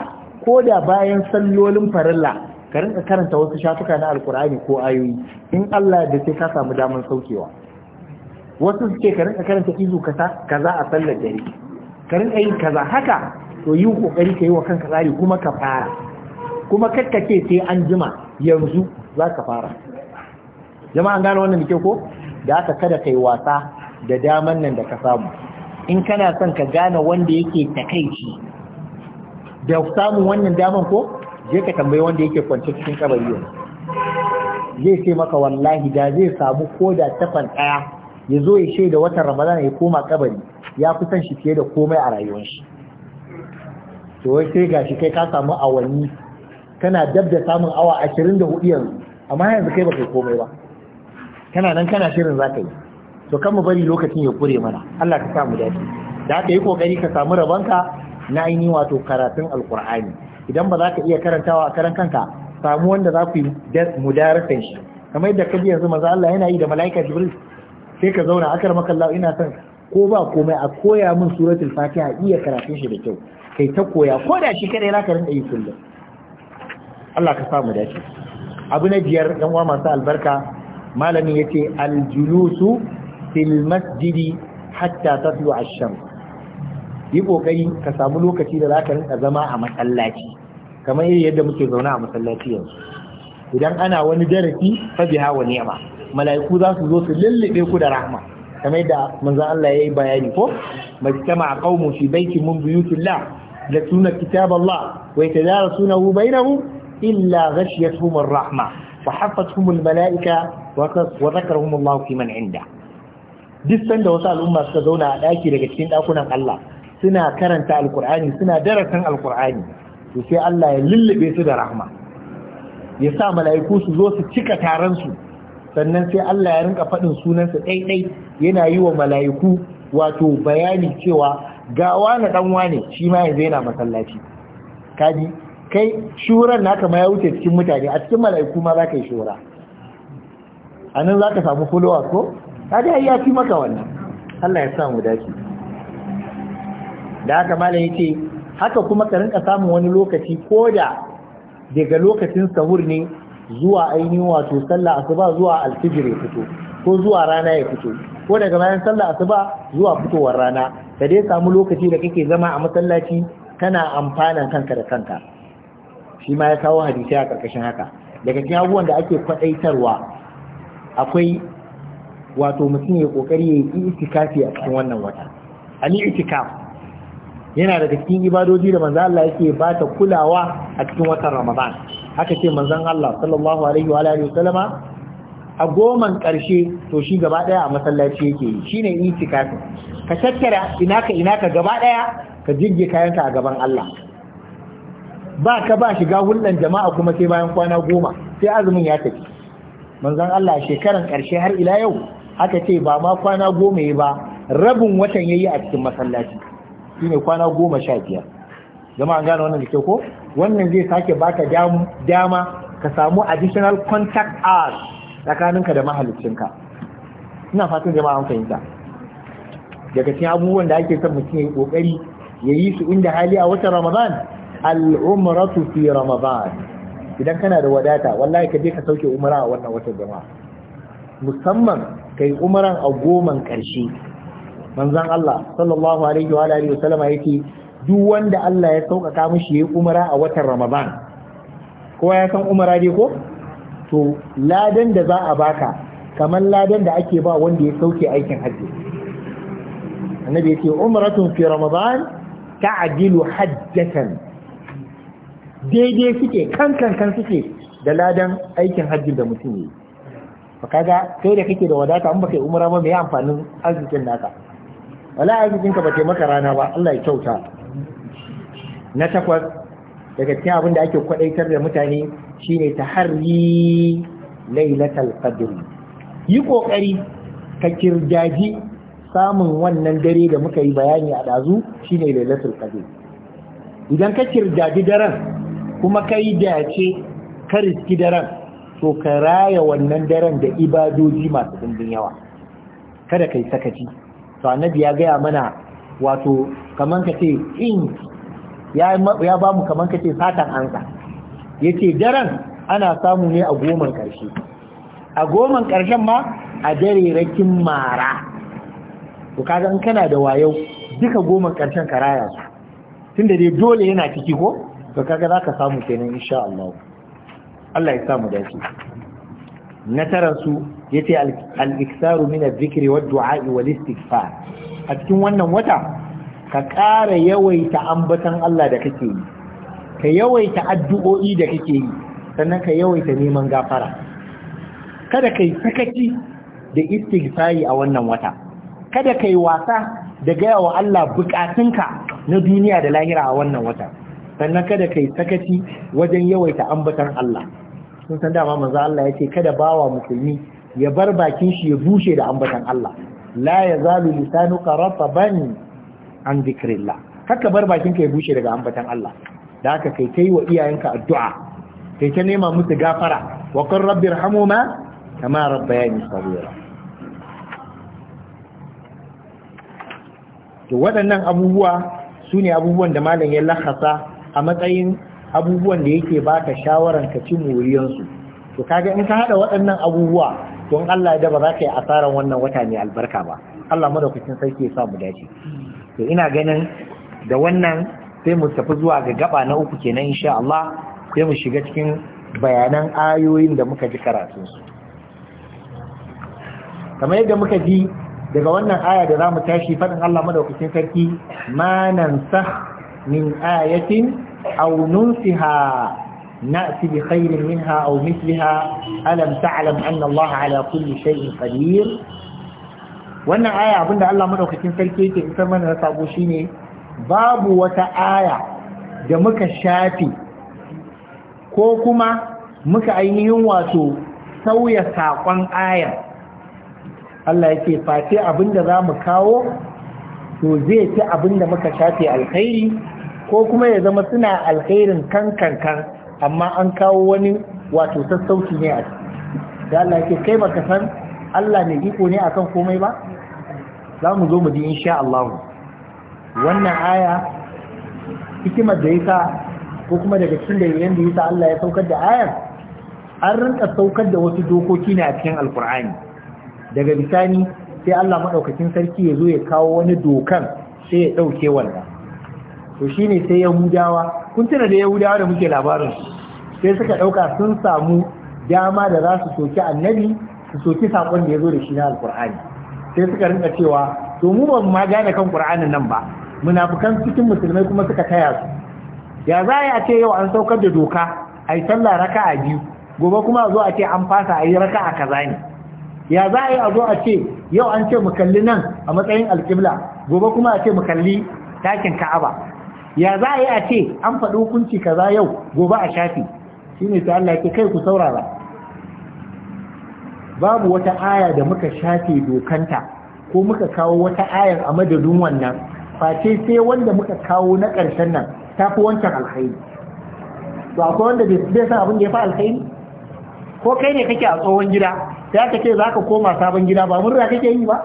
[SPEAKER 1] ko da bayan sallolin farilla ka rinka karanta wasu shafuka na alkur'ani ko ayoyi in Allah da dace ka samu damar saukewa wasu suke ka rinka karanta izu kaza a sallar dare ka rinka yin kaza haka to yi kokari ka yi wa kanka tsari kuma ka fara kuma kakkace sai an jima yanzu za ka fara jama'an gane wannan da ke ko da aka kada kai wasa da daman nan da ka samu in kana son ka gane wanda yake takaici da samun wannan daman ko je ka tambayi wanda yake kwance cikin kabari zai ce maka wallahi da zai samu ko da tafan ɗaya ya zo ya shaida watan ramadan ya koma kabari ya fi son shi fiye da komai a rayuwar shi to wai sai gashi kai ka samu awanni kana dab da samun awa 24 yanzu amma yanzu kai ba kai komai ba kana nan kana shirin za ka yi to kan mu bari lokacin ya kure mana Allah ka samu dace da aka yi kokari ka samu rabonka na ainihin wato karatun alkur'ani idan ba za ka iya karantawa a karan kanka samu wanda za ku yi mudarasan shi kamar yadda ka biya maza Allah yana yi da mala'ika jibril sai ka zauna akar makallahu ina son ko ba komai a koya min suratul fatiha iya karatun shi da kyau kai ta koya ko da shi kadai zaka rinka yi kullum Allah ka samu dace abu na biyar yan uwa masu albarka malamin yace aljulusu fil masjidi hatta tatlu ash-shams yi kokari ka samu lokaci da zaka rinka zama a masallaci kamar yadda muke zauna a masallaci yanzu idan ana wani darasi fa biha wa ni'ma mala'iku za su zo su lullube ku da rahma kamar yadda manzon Allah yayi bayani ko majtama qaumu fi baitin min buyutillah la sunna kitab Allah wa yatadarasunahu bainahum illa ghashiyatuhum ar-rahma فحفتهم الملائكة وذكرهم الله في من عنده duk sanda wasu al'umma suka zauna a ɗaki daga cikin ɗakunan Allah suna karanta alkur'ani suna darasin alkur'ani to sai Allah ya lullube su da rahma ya sa mala'iku su zo su cika taron su sannan sai Allah ya rinka faɗin sunansa ɗaiɗai yana yi wa mala'iku wato bayani cewa ga wani ɗan wane shi ma yanzu yana masallaci kaji kai shuran naka ma ya wuce cikin mutane a cikin mala'iku ma za ka yi shura a nan za ka samu kulowa ko ta da ya fi maka wannan Allah ya samu dace da haka malam yace haka kuma ka rinka samun wani lokaci ko da daga lokacin sahur ne zuwa ainihin wato sallah asuba zuwa alfijir ya fito ko zuwa rana ya fito ko daga bayan sallah asuba zuwa fitowar rana ka dai samu lokaci da kake zama a masallaci kana amfana kanka da kanka shi ma ya kawo hadisai a ƙarƙashin haka daga cikin abubuwan da ake kwaɗaitarwa akwai wato mutum ya ƙoƙari ya yi itikafi a cikin wannan wata ani itikaf yana daga cikin ibadoji da manzan Allah yake ba ta kulawa a cikin watan Ramadan haka ce manzan Allah sallallahu alaihi wa alihi wasallama a goman ƙarshe to shi gaba ɗaya a masallaci yake yi shine itikafi ka tattara ina ka ina ka gaba ɗaya ka jigge kayanka a gaban Allah ba ka ba shiga hulɗan jama'a kuma sai bayan kwana goma sai azumin ya tafi manzon Allah shekaran ƙarshe har ila yau aka ce ba ma kwana goma ya ba rabin watan ya yi a cikin masallaci ne kwana goma sha biyar jama'a an gane wannan da ke ko wannan zai sake baka dama ka samu additional contact hours tsakaninka da mahalicinka ina fatan jama'a an fahimta daga cikin abubuwan da ake son mutum ya yi kokari ya yi su inda hali a watan ramadan al'umratu fi ramadan idan kana da wadata wallahi ka je ka sauke umara a wannan watan jama'a musamman kai umaran a goman karshe manzon Allah sallallahu alaihi wa alihi wasallama yake duk wanda Allah ya sauƙaƙa mishi yayi umara a watan ramadan kowa ya san umara dai ko to ladan da za a baka kamar ladan da ake ba wanda ya sauke aikin hajji annabi ya ce umratun fi ramadan ta'dilu hajjatan daidai suke kankan suke da ladan aikin hajji da mutum yi kaga sai da kake da wadata an baka yi umara ba mai amfanin arzikin naka wala arzikin ka ba ta maka rana ba Allah ya kyauta na takwas daga cikin abin da ake kwadaitar da mutane shine ta taharri lailatul qadr yi ƙoƙari ka kirjaji samun wannan dare da muka yi bayani a dazu shine lailatul qadr idan ka kirjaji daren kuma kai dace ka riski daren to ka raya wannan daren da ibadoji masu ɗimbin yawa kada kai sakaci to annabi ya gaya mana wato kaman ka ce in ya ba mu kaman ka ce satan ansa ya ce daren ana samu ne a goman ƙarshe a goman ƙarshen ma a dare rakin mara to kaga in kana da wayo duka goman ƙarshen ka raya su tunda dai dole yana ciki ko to kaga za ka samu kenan insha Allah Allah ya samu dace na taran su yace al-iktaru min adh-dhikri wad-du'a wal-istighfar a cikin wannan wata ka ƙara yawaita ambatan Allah da kake yi ka yawaita addu'o'i da kake yi sannan ka yawaita neman gafara kada kai sakaci da istighfari a wannan wata kada kai wasa da gaya wa Allah bukatunka na duniya da lahira a wannan wata sannan kada kai sakaci wajen yawaita ambatan Allah sun san dama manzo Allah ya ce kada bawa musulmi ya bar bakin shi ya bushe da ambatan Allah la yazalu lisanuka rataban an dhikrillah haka bar bakin ka ya bushe daga ambatan Allah da haka kai yi wa iyayenka addu'a kai ta nema musu gafara wa qur rabbirhamuma kama rabbayani saghira to waɗannan abubuwa sune abubuwan da malamin ya lakasa a matsayin abubuwan da yake baka shawaran ka ci moriyansu to kaga in ka hada waɗannan abubuwa to Allah ya da ba za ka yi asaran wannan wata mai albarka ba Allah madaukakin sarki ya sa mu dace to ina ganin da wannan sai mu tafi zuwa ga gaba na uku kenan insha Allah sai mu shiga cikin bayanan ayoyin da muka ji karatun kamar yadda muka ji daga wannan aya da za mu tashi faɗin Allah madaukakin sarki ma nan sah min ayatin aw nunsiha نأتي بخير منها أو مثلها ألم تعلم أن الله على كل شيء قدير wannan aya da Allah madaukakin sarki yake isar mana na sabo shine babu wata aya da muka shafi ko kuma muka ainihin wato sauya saƙon aya Allah yake face abinda za mu kawo to zai ci abin da muka shafe alkhairi ko kuma ya zama suna alkhairin kan kankan amma an kawo wani wato sassauci ne a ciki da Allah ke kai baka san Allah ne iko ne akan komai ba za mu zo mu ji insha Allah wannan aya hikimar da yasa ko kuma daga cikin da yasa Allah ya saukar da ayar an rinka saukar da wasu dokoki ne a cikin alkur'ani daga bisani sai Allah madaukakin sarki ya zo ya kawo wani dokan sai ya dauke wannan to ne sai yahudawa kun tuna da yahudawa da muke labarin sai suka ɗauka sun samu dama da za su soki annabi su soki sakon da ya zo da shi na alkur'ani sai suka rinka cewa to mu ba ma gane kan ƙur'anin nan ba munafukan cikin musulmai kuma suka taya su ya za a ce yau an saukar da doka a yi sallah raka a biyu gobe kuma a zo a ce an fasa a yi raka a kaza ne ya za a yi a zo a ce yau an ce mu kalli nan a matsayin alƙibla gobe kuma a ce mu kalli takin ka'aba ya za a yi a ce an faɗi hukunci kaza yau gobe a shafi ne sai Allah ke kai ku saurara babu wata aya da muka shafe dokanta ko muka kawo wata ayar a madadin wannan face sai wanda muka kawo na ƙarshen nan ta fi wancan alkhairi ba akwai wanda bai san abin da ya fi alkhairi ko kai ne kake a tsohon gida sai aka ce za ka koma sabon gida ba murna kake yi ba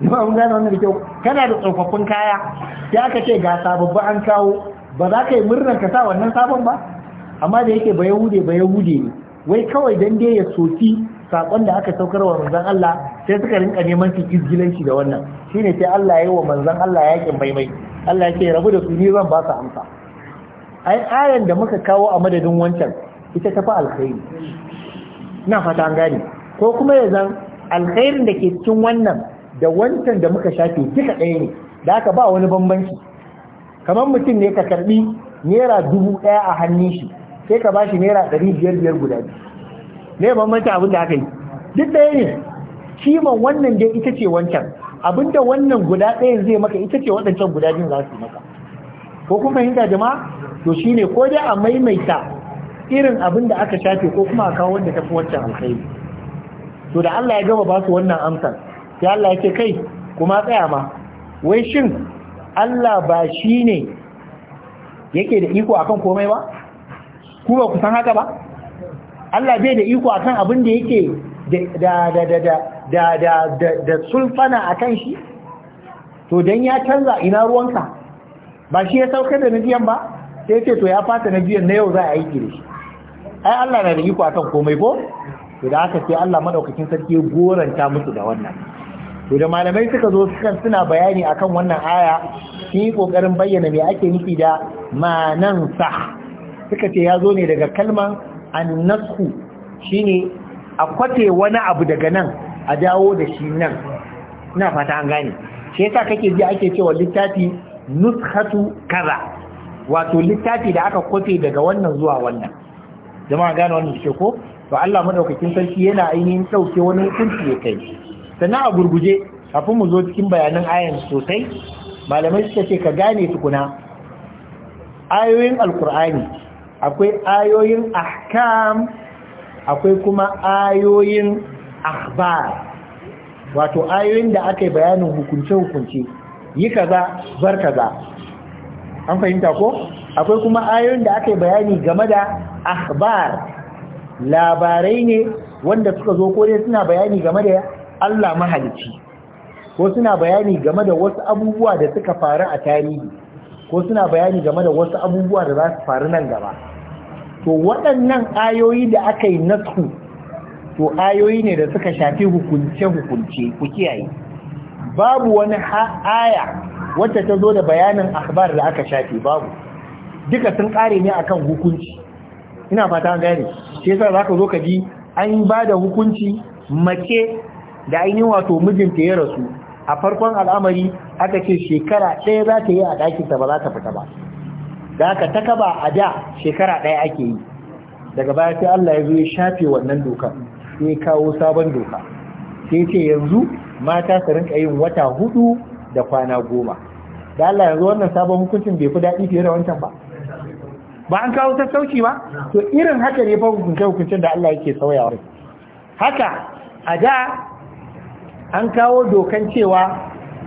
[SPEAKER 1] yawon gane wannan da kyau kana da tsofaffin kaya Ya aka ce ga sababbi an kawo ba za ka yi murnar ka sa wannan sabon ba amma da yake ba yahude ba yahude ne wai kawai dan dai ya soki sakon da aka saukar wa manzon Allah sai suka rinka neman su shi da wannan shine sai Allah ya yi wa manzon Allah yakin maimai Allah ya ce rabu da su ni zan ba su amsa ai ayan da muka kawo a madadin wancan ita ta fa alkhairi na fata an gane ko kuma ya zan alkhairin da ke cikin wannan da wancan da muka shafe duka ɗaya ne da haka ba wani bambanci kamar mutum ne ka karbi naira dubu ɗaya a hannun shi sai ka bashi naira ɗari biyar biyar guda biyu ne bambanci abin da aka yi duk ɗaya ne kiman wannan dai ita ce wancan abin da wannan guda ɗayan zai maka ita ce waɗancan guda biyun za su maka ko kun fahimta jama'a to shine ko dai a maimaita irin abin da aka shafe ko kuma a kawo wanda ta fi wancan alkhairi to da Allah ya gama ba su wannan amsar sai Allah yake kai kuma tsaya ma wai shin Allah ba shi ne yake da iko akan komai ba ku ba ku san haka ba Allah bai da iko akan abin da yake da da da da da da da da sulfana akan shi to dan ya canza ina ruwanka ba shi ya saukar da nabiyan ba sai ce to ya fata nabiyan na yau za a aiki da shi ai Allah na da iko akan komai ko to da haka sai Allah madaukakin sarki ya goranta musu da wannan to da malamai suka zo sukan suna bayani akan wannan aya sun yi kokarin bayyana me ake nufi da manan sa suka ce ya zo ne daga kalman annasku shine a kwate wani abu daga nan a dawo da shi nan ina fata an gane shi yasa kake ji ake cewa littafi nuskhatu kaza wato littafi da aka kwace daga wannan zuwa wannan jama'a gane wannan shi ko to Allah madaukakin sarki yana ainihin sauke wani hukunci ya kai sannan a gurguje kafin mu zo cikin bayanan ayan sosai malamai suka ce ka gane tukuna ayoyin alkur'ani akwai ayoyin ahkam akwai kuma ayoyin akhbar wato ayoyin da aka yi bayanin hukunce-hukunce yi kaza bar kaza an fahimta ko akwai kuma ayoyin da aka yi bayani game da akhbar labarai ne wanda suka zo ko dai suna bayani game da Allah mahalicci ko suna bayani game da wasu abubuwa da suka faru a tarihi ko suna bayani game da wasu abubuwa da za su faru nan gaba to waɗannan ayoyi da aka yi nasu to ayoyi ne da suka shafi hukunce-hukunce ku kiyaye babu wani aya wacce ta zo da bayanin akhbar da aka shafi babu duka sun kare ne akan hukunci ina fata gane sai yasa zaka zo ka ji an ba da hukunci mace da ainihin wato mijinta ya rasu a farkon al'amari aka ce shekara ɗaya za ta yi a ɗakinta ba za ta fita ba da aka ta kaba a da shekara ɗaya ake yi daga baya sai Allah ya zo ya shafe wannan doka sai kawo sabon doka sai ce yanzu mata su rinka yin wata hudu da kwana goma da Allah yanzu wannan sabon hukuncin bai fi daɗi fiye da wancan ba ba an kawo sassauci ba to irin haka ne fa hukunce hukuncin da Allah yake sauyawa haka a da an kawo dokan cewa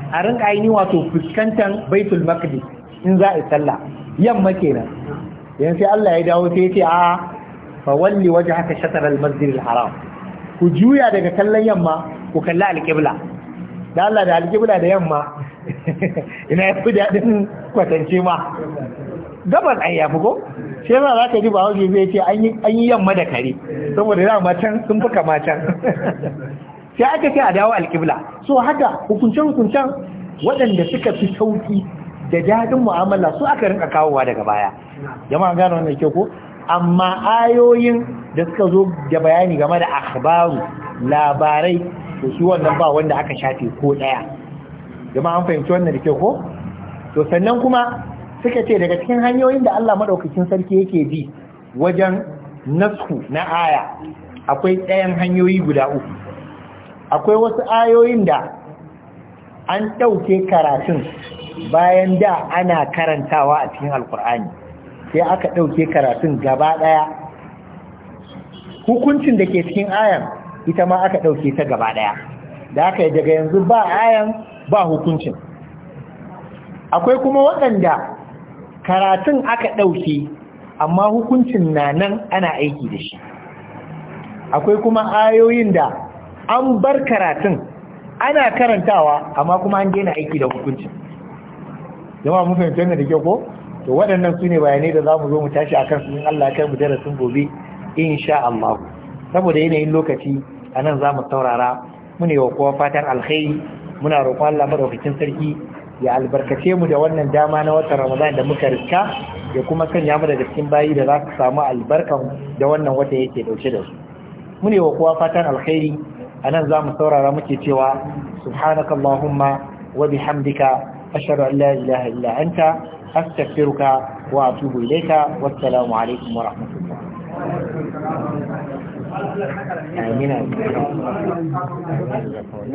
[SPEAKER 1] a rinka aini wato fuskantar baitul maqdis in za a sallah yamma kenan yan sai Allah ya dawo sai ya ce a fa walli wajhaka shatr al masjid al haram ku juya daga kallon yamma ku kalli al qibla da Allah da al qibla da yamma *laughs* ina ya fi dadin kwatance ma gaban an ya ko sai ma za ka ji ba wajen zai ce an yi yamma da kare saboda dama can sun fi kama can *laughs* sai aka ce a dawo alƙibla so haka hukuncen-hukuncen waɗanda suka fi sauƙi da daɗin mu'amala su aka rinka kawowa daga baya a gano wannan ke ko amma ayoyin da suka zo da bayani game da akhbaru labarai to shi wannan ba wanda aka shafe ko ɗaya jama an fahimci wannan da ke ko to sannan kuma suka ce daga cikin hanyoyin da Allah madaukakin sarki yake bi wajen nasku na aya akwai ɗayan hanyoyi guda uku akwai wasu ayoyin da an ɗauke karatun bayan da ana karantawa a cikin alkur'ani sai aka ɗauke karatun gaba ɗaya hukuncin da ke cikin ayan ita ma aka ɗauke ta gaba ɗaya da aka yi daga yanzu ba ayan ba hukuncin akwai kuma waɗanda karatun aka ɗauke amma hukuncin na nan ana aiki da shi akwai kuma ayoyin da an bar karatun ana karantawa amma kuma an daina aiki da hukunci jama'a mun fahimci wannan da kyau ko to waɗannan sune bayanai da za mu zo mu tashi a kansu in Allah kai mu darasin gobe insha Allah saboda yanayin lokaci a nan za mu saurara mu ne wa kowa fatan alkhairi muna roƙon Allah madaukakin sarki ya albarkace mu da wannan dama na watan Ramadan da muka riska ya kuma sanya mu da cikin bayi da za su samu albarkan da wannan wata yake dauke da su mu wa kowa fatan alkhairi anan za mu saurara muke cewa subhanakallahumma wa bihamdika ashhadu an la ilaha illa anta astaghfiruka wa atubu ilayka wassalamu alaikum wa rahmatullah Amina.